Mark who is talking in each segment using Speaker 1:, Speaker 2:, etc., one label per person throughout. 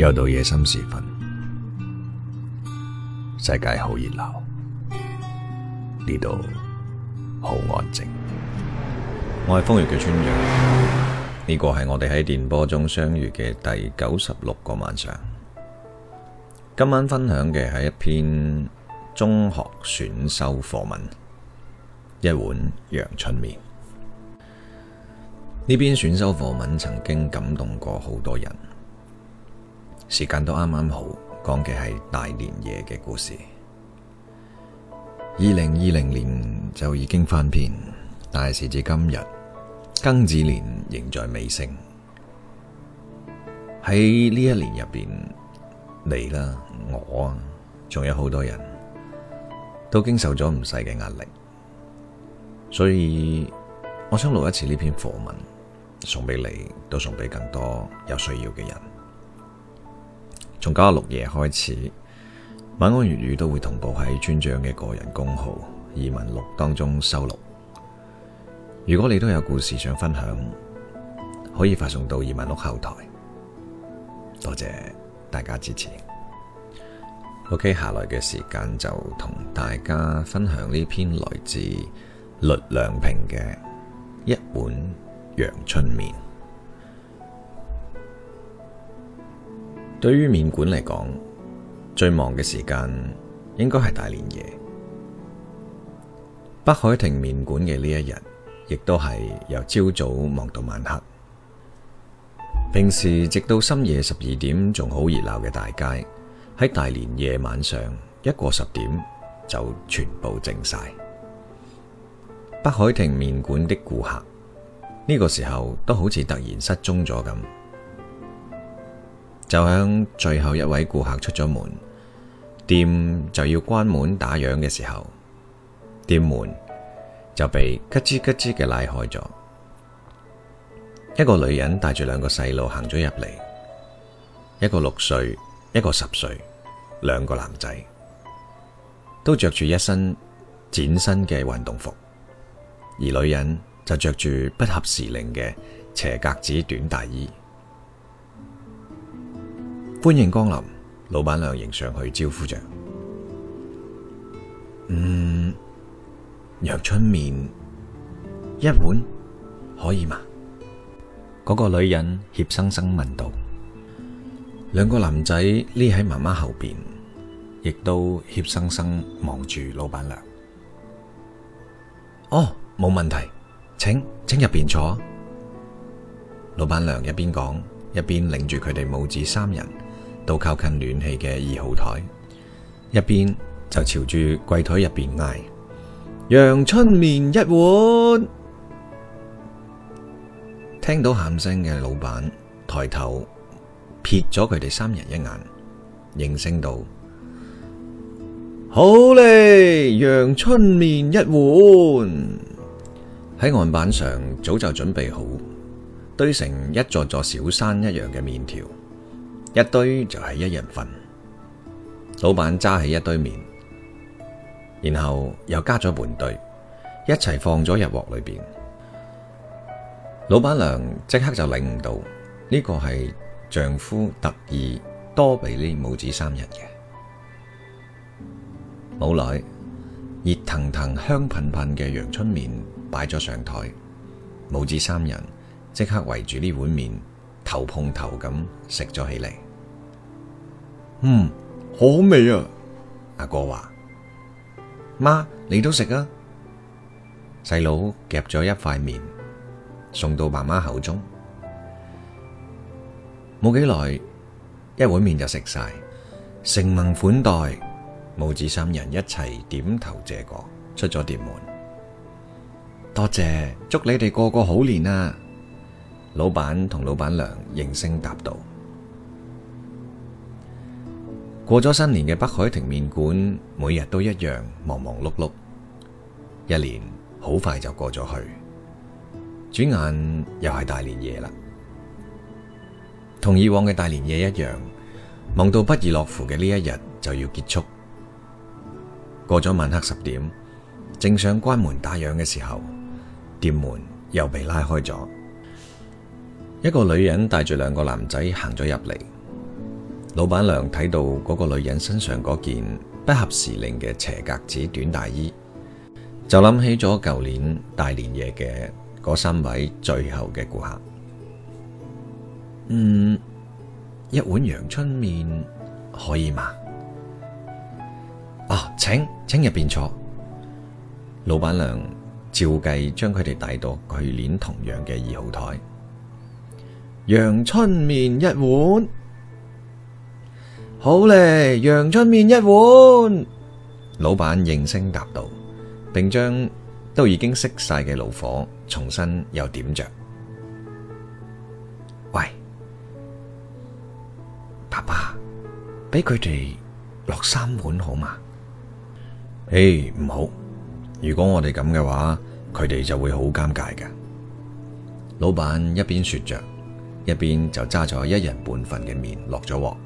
Speaker 1: 又到夜深時分，世界好熱鬧，呢度好安靜。我係瘋粵嘅村長，呢個係我哋喺電波中相遇嘅第九十六個晚上。今晚分享嘅係一篇中學選修課文《一碗陽春麵》。呢篇選修課文曾經感動過好多人。時間都啱啱好，講嘅係大年夜嘅故事。二零二零年就已經翻篇，但係時至今日，庚子年仍在尾聲。喺呢一年入邊，你啦，我啊，仲有好多人，都經受咗唔細嘅壓力。所以，我想錄一次呢篇課文，送俾你，都送俾更多有需要嘅人。從九十六夜開始，晚安粵語都會同步喺村長嘅個人公號《懿聞錄》當中收錄。如果你都有故事想分享，可以發送到《懿聞錄》後台。多謝大家支持。OK，下來嘅時間就同大家分享呢篇來自栗良平嘅一碗陽春麵。對於麵館嚟講，最忙嘅時間應該係大年夜。北海亭麵館嘅呢一日，亦都係由朝早忙到晚黑。平時直到深夜十二點仲好熱鬧嘅大街，喺大年夜晚上一過十點就全部靜曬。北海亭麵館的顧客呢個時候都好似突然失蹤咗咁。就喺最後一位顧客出咗門，店就要關門打烊嘅時候，店門就被咯吱咯吱嘅拉開咗。一個女人帶住兩個細路行咗入嚟，一個六歲，一個十歲，兩個男仔都着住一身嶄新嘅運動服，而女人就着住不合時令嘅斜格子短大衣。歡迎光臨，老闆娘迎上去招呼着。嗯，陽春麵一碗可以嗎？嗰、那個女人怯生生問道。兩個男仔匿喺媽媽後邊，亦都怯生生望住老闆娘。哦，冇問題，請請入邊坐。老闆娘一邊講，一邊領住佢哋母子三人，.到靠近暖氣嘅二號台，一邊就朝住櫃台入邊嗌：陽春麵一碗。聽到喊聲嘅老闆抬頭撇咗佢哋三人一眼，應聲道：好嘞，陽春麵一碗。喺案板上早就準備好，堆成一座座小山一樣嘅麵條。一堆就係一人份，老闆揸起一堆麵，然後又加咗半堆，一齊放咗入鑊裏邊。老闆娘即刻就領悟到呢個係丈夫特意多俾呢母子三人嘅。冇耐，熱騰騰、香噴噴嘅陽春麵擺咗上台，母子三人即刻圍住呢碗麵。頭碰頭咁食咗起嚟，嗯，好好味啊！阿哥話：媽，你都食啊！細佬夾咗一塊麵送到媽媽口中，冇幾耐一碗麵就食晒。承蒙款待，母子三人一齊點頭謝過，出咗店門。多謝，祝你哋過個好年啊！老闆同老闆娘應聲答道：過咗新年嘅北海亭麵館，每日都一樣忙忙碌碌。一年好快就過咗去，轉眼又係大年夜啦。同以往嘅大年夜一樣，忙到不亦樂乎嘅呢一日就要結束。過咗晚黑十點，正想關門打烊嘅時候，店門又被拉開咗。一個女人帶住兩個男仔行咗入嚟，老闆娘睇到嗰個女人身上嗰件不合時令嘅斜格子短大衣，就諗起咗舊年大年夜嘅嗰三位最後嘅顧客。嗯，一碗陽春麵可以嘛？啊，請，請入邊坐。老闆娘照計將佢哋帶到去年同樣嘅二號台。陽春麵一碗，好咧！陽春麵一碗，老闆應聲答道，並將都已經熄晒嘅爐火重新又點着。喂，爸爸，俾佢哋落三碗好嗎？誒，唔好，如果我哋咁嘅話，佢哋就會好尷尬噶。老闆一邊說着。一邊就揸咗一人半份嘅麵落咗鑊，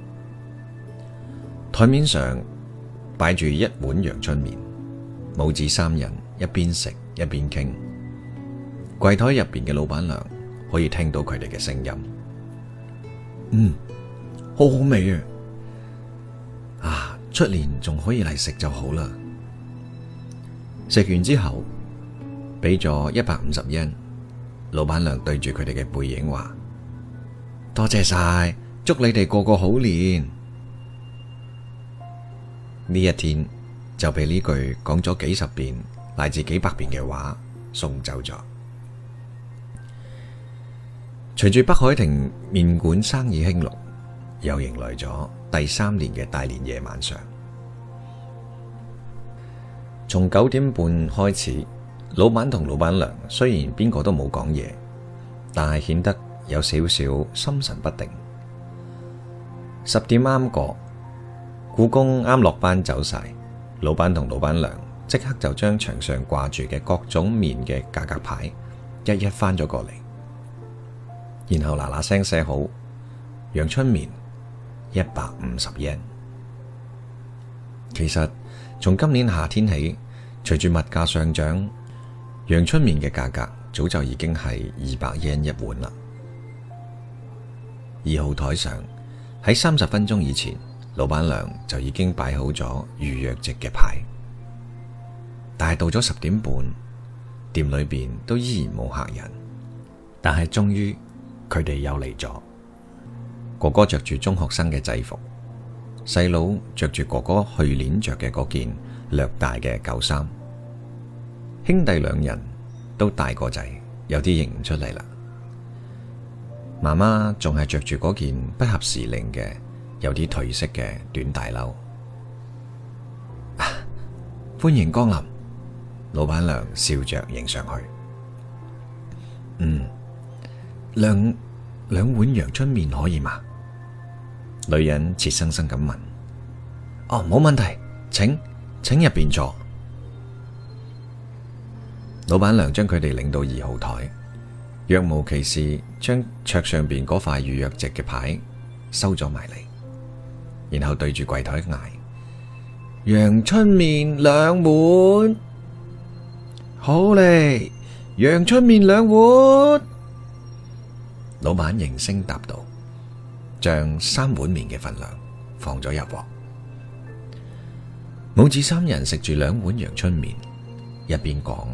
Speaker 1: 台面上擺住一碗陽春麵，母子三人一邊食一邊傾。櫃台入邊嘅老闆娘可以聽到佢哋嘅聲音，嗯，好好味啊！啊，出年仲可以嚟食就好啦。食完之後，俾咗一百五十日圓，老闆娘對住佢哋嘅背影話。多謝晒，祝你哋過個好年。呢一天就被呢句講咗幾十遍乃至幾百遍嘅話送走咗。隨住北海亭麵館生意興隆，又迎來咗第三年嘅大年夜晚上。從九點半開始，老闆同老闆娘雖然邊個都冇講嘢，但係顯得。有少少心神不定。十點啱過，雇工啱落班走晒，老闆同老闆娘即刻就將牆上掛住嘅各種麵嘅價格牌一一翻咗過嚟，然後嗱嗱聲寫好陽春麵一百五十日元。其實從今年夏天起，隨住物價上漲，陽春麵嘅價格早就已經係二百日元一碗啦。二號台上喺三十分鐘以前，老闆娘就已經擺好咗預約席嘅牌。但係到咗十點半，店裏邊都依然冇客人。但係終於，佢哋又嚟咗。哥哥着住中學生嘅制服，細佬着住哥哥去年着嘅嗰件略大嘅舊衫。兄弟兩人都大個仔，有啲認唔出嚟啦。媽媽仲係着住嗰件不合時令嘅，有啲褪色嘅短大褸。啊，歡迎光臨。老闆娘笑着迎上去。嗯，兩兩碗陽春麵可以嗎？女人怯生生咁問。哦，冇問題，請請入邊坐。老闆娘將佢哋領到二號台。若無其事將桌上邊嗰塊預約席嘅牌收咗埋嚟，然後對住櫃台嗌：陽春麵兩碗，好嚟，陽春麵兩碗。老闆應聲答道：將三碗麵嘅份量放咗入鑊。母子三人食住兩碗陽春麵，一邊講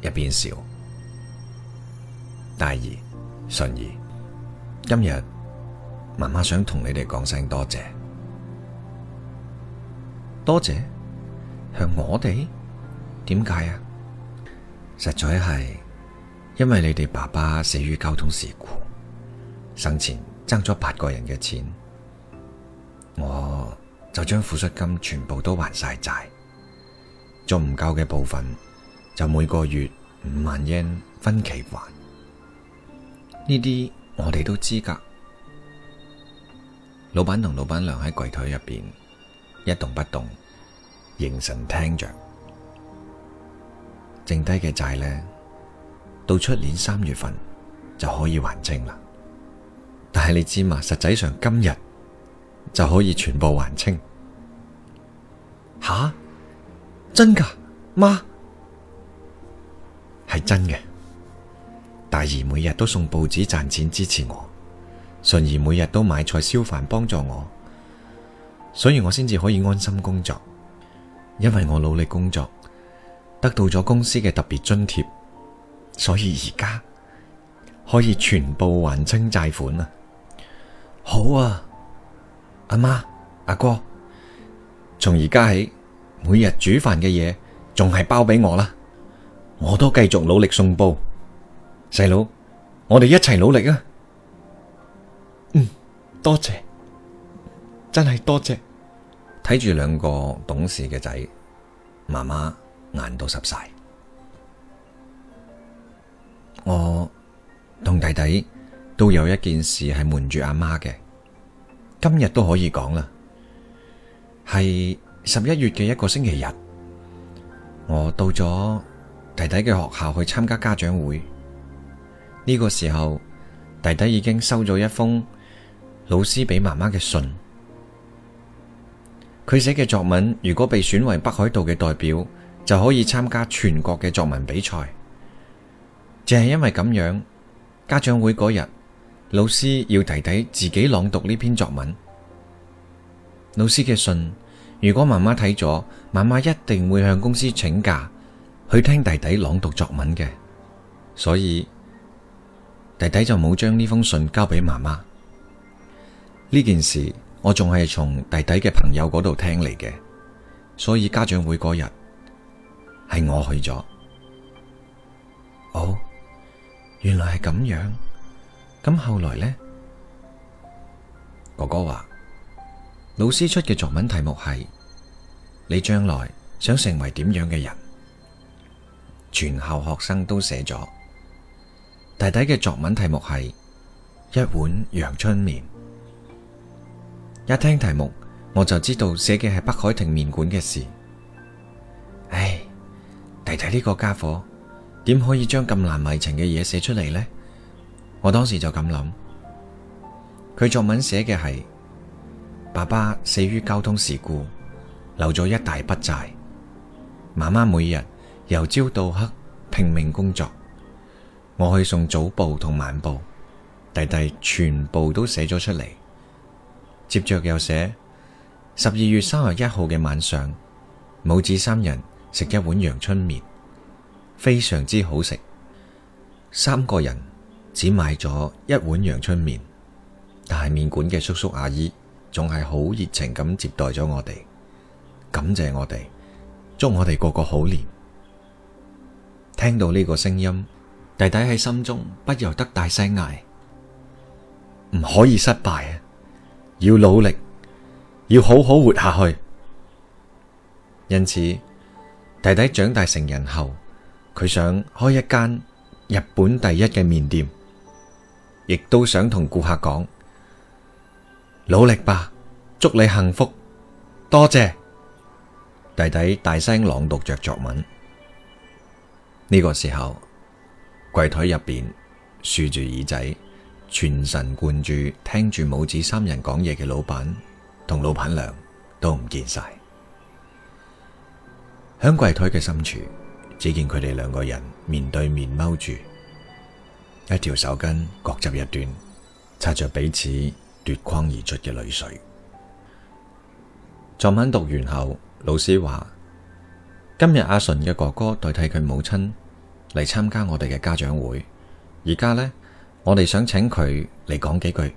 Speaker 1: 一邊笑。大兒、淳兒，今日媽媽想同你哋講聲多謝。多謝？向我哋？點解啊？實在係因為你哋爸爸死於交通事故，生前爭咗八個人嘅錢，我就將撫恤金全部都還晒債，做唔夠嘅部分就每個月五萬日圓分期還。呢啲我哋都知噶，老闆同老闆娘喺櫃台入邊一動不動，凝神聽着。剩低嘅債咧，到出年三月份就可以還清啦。但係你知嘛？實際上今日就可以全部還清。吓，真噶？媽，係真嘅。大兒每日都送報紙賺錢支持我，淳兒每日都買菜燒飯幫助我，所以我先至可以安心工作。因為我努力工作，得到咗公司嘅特別津貼，所以而家可以全部還清債款啦。好啊！阿媽阿哥，從而家起，每日煮飯嘅嘢仲係包俾我啦，我都繼續努力送報。細佬，我哋一齊努力啊！嗯，多謝，真係多謝。睇住兩個懂事嘅仔，媽媽眼都濕晒。我同弟弟都有一件事係瞞住阿媽嘅，今日都可以講啦。係十一月嘅一個星期日，我到咗弟弟嘅學校去參加家長會。呢個時候，弟弟已經收咗一封老師俾媽媽嘅信。佢寫嘅作文如果被選為北海道嘅代表，就可以參加全國嘅作文比賽。正係因為咁樣，家長會嗰日，老師要弟弟自己朗讀呢篇作文。老師嘅信如果媽媽睇咗，媽媽一定會向公司請假去聽弟弟朗讀作文嘅。所以。弟弟就冇將呢封信交俾媽媽。呢件事我仲係從弟弟嘅朋友嗰度聽嚟嘅，所以家長會嗰日係我去咗。哦，原來係咁樣。咁後來呢？哥哥話老師出嘅作文題目係你將來想成為點樣嘅人，全校學生都寫咗。弟弟嘅作文題目係一碗陽春麵，一聽題目我就知道寫嘅係北海亭麵館嘅事。唉，弟弟呢個家伙點可以將咁難為情嘅嘢寫出嚟呢？我當時就咁諗。佢作文寫嘅係爸爸死於交通事故，留咗一大筆債，媽媽每日由朝到黑拼命工作。我去送早報同晚報，弟弟全部都寫咗出嚟。接着又寫十二月三十一號嘅晚上，母子三人食一碗陽春麵，非常之好食。三個人只買咗一碗陽春麵，但係麵館嘅叔叔阿姨仲係好熱情咁接待咗我哋，感謝我哋，祝我哋過個好年。聽到呢個聲音。弟弟喺心中不由得大聲嗌：唔可以失敗啊！要努力，要好好活下去。因此，弟弟長大成人後，佢想開一間日本第一嘅麵店，亦都想同顧客講：努力吧，祝你幸福。多謝。弟弟大聲朗讀着作文。呢、這個時候。櫃台入邊，豎住耳仔，全神貫注聽住母子三人講嘢嘅老闆同老闆娘都唔見晒。喺櫃台嘅深處，只見佢哋兩個人面對面踎住，一條手巾各執一段，擦着彼此奪眶而出嘅淚水。作文讀完後，老師話今日阿純嘅哥哥代替佢母親嚟參加我哋嘅家長會，而家呢，我哋想請佢嚟講幾句。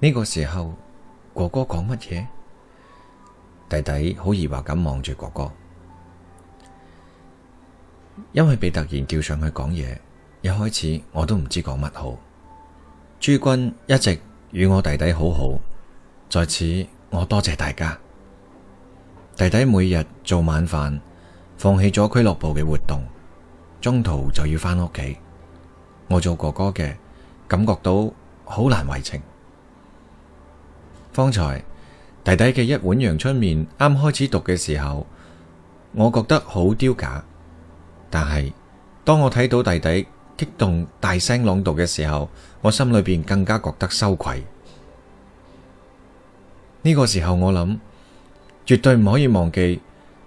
Speaker 1: 呢個時候，哥哥講乜嘢？弟弟好疑惑咁望住哥哥，因為被突然叫上去講嘢，一開始我都唔知講乜好。諸君一直與我弟弟好好，在此我多謝大家。弟弟每日做晚飯。放棄咗俱樂部嘅活動,中途就要翻屋企。我做哥哥嘅，感覺到好難為情。方才弟弟嘅一碗陽春麵啱開始讀嘅時候，我覺得好丟架。但係當我睇到弟弟激動大聲朗讀嘅時候，我心裏邊更加覺得羞愧。呢個時候我諗，絕對唔可以忘記。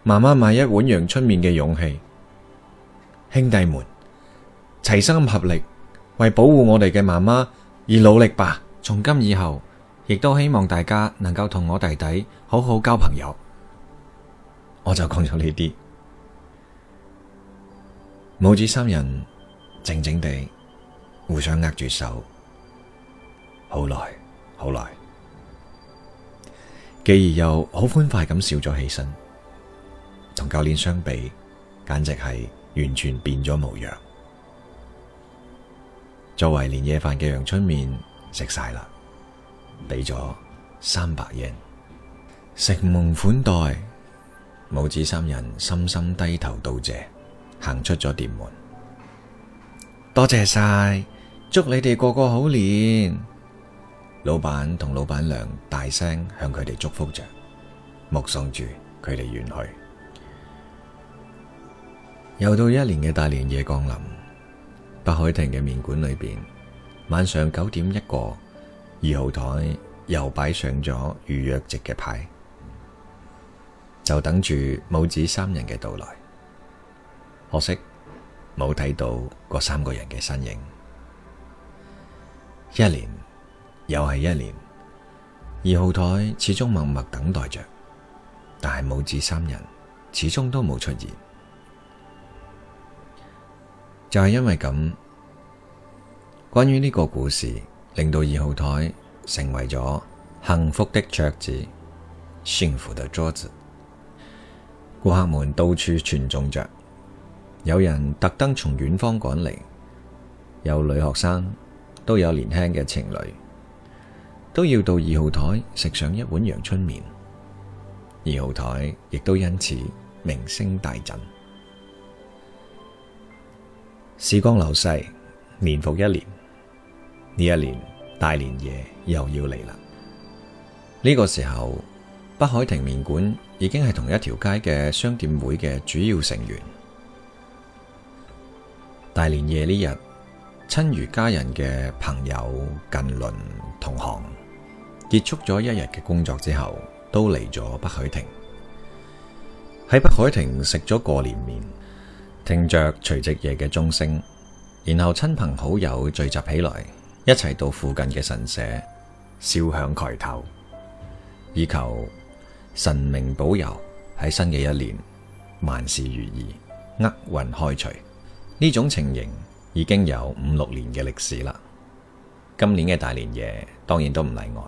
Speaker 1: 媽媽買一碗陽春麵嘅勇氣，兄弟們齊心合力為保護我哋嘅媽媽而努力吧。從今以後，亦都希望大家能夠同我弟弟好好交朋友。我就講咗呢啲，母子三人靜靜地互相握住手，好耐好耐，既而又好歡快咁笑咗起身。同舊年相比，簡直係完全變咗模樣。作為年夜飯嘅陽春麵，食晒啦，俾咗三百元，承蒙款待，母子三人深深低頭道謝，行出咗店門。多謝晒，祝你哋過個好年！老闆同老闆娘大聲向佢哋祝福着，目送住佢哋遠去。又到一年嘅大年夜降臨，北海亭嘅麵館裏邊，晚上九點一過，二號台又擺上咗預約席嘅牌，就等住母子三人嘅到來。可惜冇睇到嗰三個人嘅身影。一年又係一年，二號台始終默默等待着，但係母子三人始終都冇出現。就係因為咁，關於呢個故事，令到二號台成為咗幸福的桌子，幸福的桌子。顧客們到處傳頌着，有人特登從遠方趕嚟，有女學生，都有年輕嘅情侶，都要到二號台食上一碗陽春麵。二號台亦都因此名聲大振。時光流逝，年復一年，呢一年大年夜又要嚟啦。呢、這個時候，北海亭麵館已經係同一條街嘅商店會嘅主要成員。大年夜呢日，親如家人嘅朋友、近鄰、同行，結束咗一日嘅工作之後，都嚟咗北，北海亭，喺北海亭食咗過年麵。聽着除夕夜嘅鐘聲，然後親朋好友聚集起來，一齊到附近嘅神社燒香抬頭，以求神明保佑喺新嘅一年萬事如意、厄運開除。呢種情形已經有五六年嘅歷史啦。今年嘅大年夜當然都唔例外。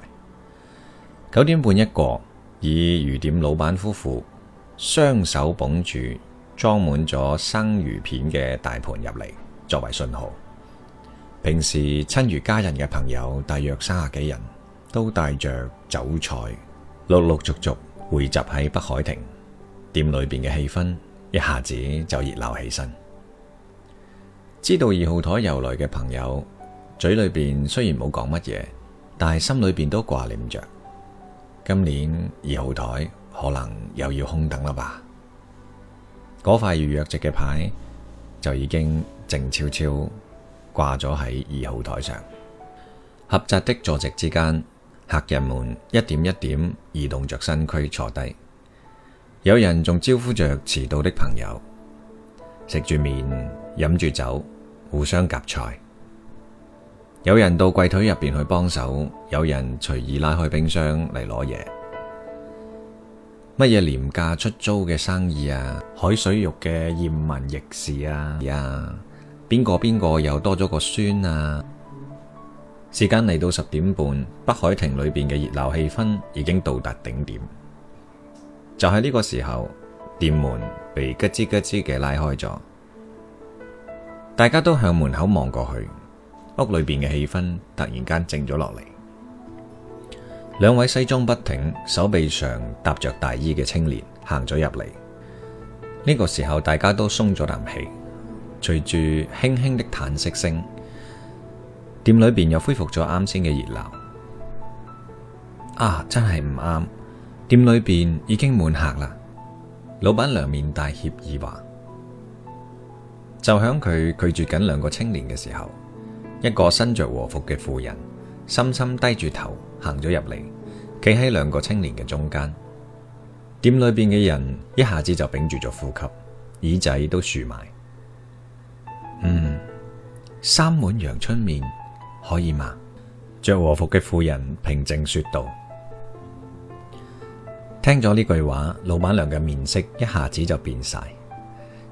Speaker 1: 九點半一過，以魚店老闆夫婦雙手捧住。裝滿咗生魚片嘅大盤入嚟，作為信號。平時親如家人嘅朋友，大約三十幾人，都帶着酒菜，陸陸續續匯集喺北海亭。店裏邊嘅氣氛一下子就熱鬧起身。知道二號台由來嘅朋友，嘴裏邊雖然冇講乜嘢，但係心裏邊都掛念着，今年二號台可能又要空等啦吧。嗰塊預約席嘅牌就已經靜悄悄掛咗喺二號台上，狹窄的坐席之間，客人們一點一點移動着身軀坐低，有人仲招呼着遲到的朋友，食住麵飲住酒，互相夾菜，有人到櫃台入邊去幫手，有人隨意拉開冰箱嚟攞嘢。乜嘢廉價出租嘅生意啊，海水浴嘅艷聞軼事啊啊，邊個邊個又多咗個孫啊？時間嚟到十點半，北海亭裏邊嘅熱鬧氣氛已經到達頂點。就喺呢個時候，店門被咯吱咯吱嘅拉開咗，大家都向門口望過去，屋裏邊嘅氣氛突然間靜咗落嚟。兩位西裝不停、手臂上搭着大衣嘅青年行咗入嚟。呢個時候，大家都鬆咗啖氣。隨住輕輕的嘆息聲，店裏邊又恢復咗啱先嘅熱鬧。啊，真係唔啱！店裏邊已經滿客啦。老闆娘面帶歉意話，就響佢拒絕緊兩個青年嘅時候，一個身着和服嘅婦人深深低住頭。行咗入嚟，企喺兩個青年嘅中間。店裏邊嘅人一下子就屏住咗呼吸，耳仔都豎埋。嗯，三碗陽春麵，可以嗎？着和服嘅婦人平靜說道。聽咗呢句話，老闆娘嘅面色一下子就變晒。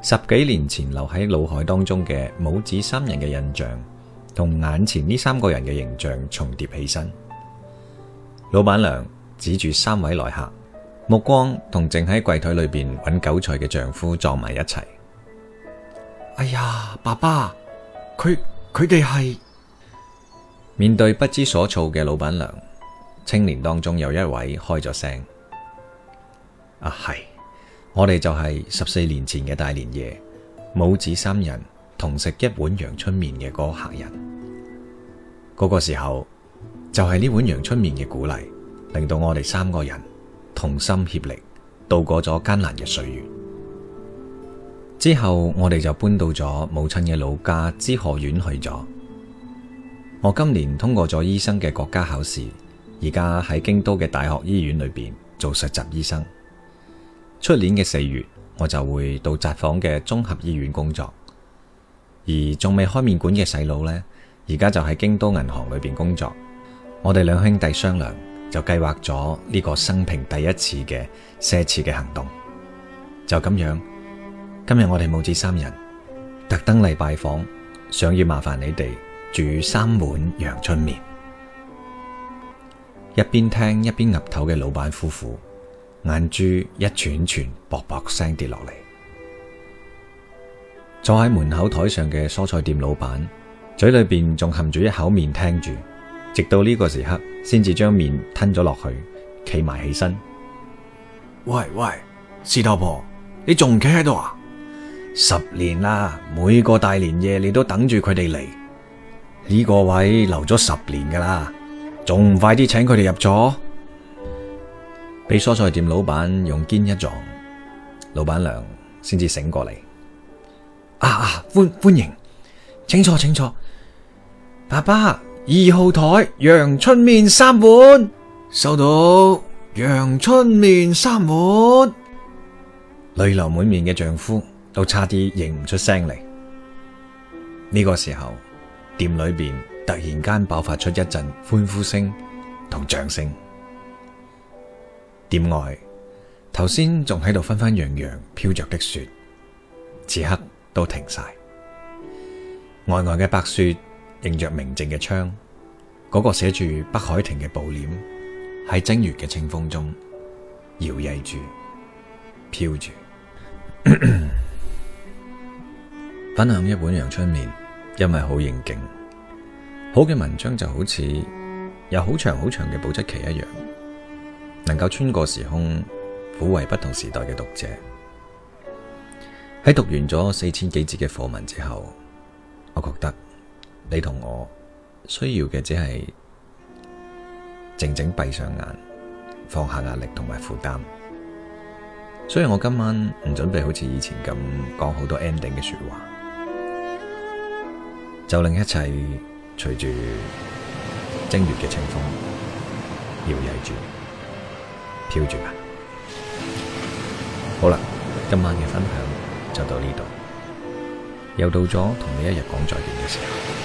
Speaker 1: 十幾年前留喺腦海當中嘅母子三人嘅印象，同眼前呢三個人嘅形象重疊起身。老闆娘指住三位來客，目光同正喺櫃台裏邊揾韭菜嘅丈夫撞埋一齊。哎呀，爸爸，佢佢哋係……面對不知所措嘅老闆娘，青年當中有一位開咗聲。啊係，我哋就係十四年前嘅大年夜，母子三人同食一碗陽春麵嘅嗰客人。嗰、嗰個時候。就係呢碗陽春麵嘅鼓勵，令到我哋三個人同心協力，度過咗艱難嘅歲月。之後我哋就搬到咗母親嘅老家滋賀縣去咗。我今年通過咗醫生嘅國家考試，而家喺京都嘅大學醫院裏邊做實習醫生。出年嘅四月，我就會到札幌嘅綜合醫院工作。而仲未開麵館嘅細佬呢，而家就喺京都銀行裏邊工作。我哋兩兄弟商量，就計劃咗呢個生平第一次嘅奢侈嘅行動。就咁樣，今日我哋母子三人特登嚟拜訪，想要麻煩你哋煮三碗陽春麵。一邊聽一邊岌頭嘅老闆夫婦，眼珠一串串薄薄聲跌落嚟。坐喺門口台上嘅蔬菜店老闆，嘴裏邊仲含住一口麵聽，聽住。直到呢個時刻，先至將麵吞咗落去，企埋起身。喂喂，士多婆，你仲企喺度啊？十年啦，每個大年夜你都等住佢哋嚟，呢、呢個位留咗十年噶啦，仲快啲請佢哋入座？俾蔬、嗯、菜店老闆用肩一撞，老闆娘先至醒過嚟。啊啊，歡歡迎，請坐，請坐，爸爸。二號台陽春麵三碗，收到陽春麵三碗。淚流滿面嘅丈夫都差啲認唔出聲嚟。呢個時候，店裏邊突然間爆發出一陣歡呼聲同掌聲。店外頭先仲喺度紛紛揚揚飄着的雪，此刻都停晒，皚皚嘅白雪。迎着明淨嘅窗，嗰個寫住北海亭嘅布簾喺正月嘅清風中搖曳住飄住。分享一碗陽春麵，因為好應景。好嘅文章就好似有好長好長嘅保質期一樣，能夠穿過時空，撫慰不同時代嘅讀者。喺讀完咗四千幾字嘅課文之後，我覺得。你同我需要嘅只係靜靜閉上眼，放下壓力同埋負擔。所以我今晚唔準備好似以前咁講好多 ending 嘅說話，就令一切隨住正月嘅清風搖曳住飄住吧。好啦，今晚嘅分享就到呢度，又到咗同你一日講再見嘅時候。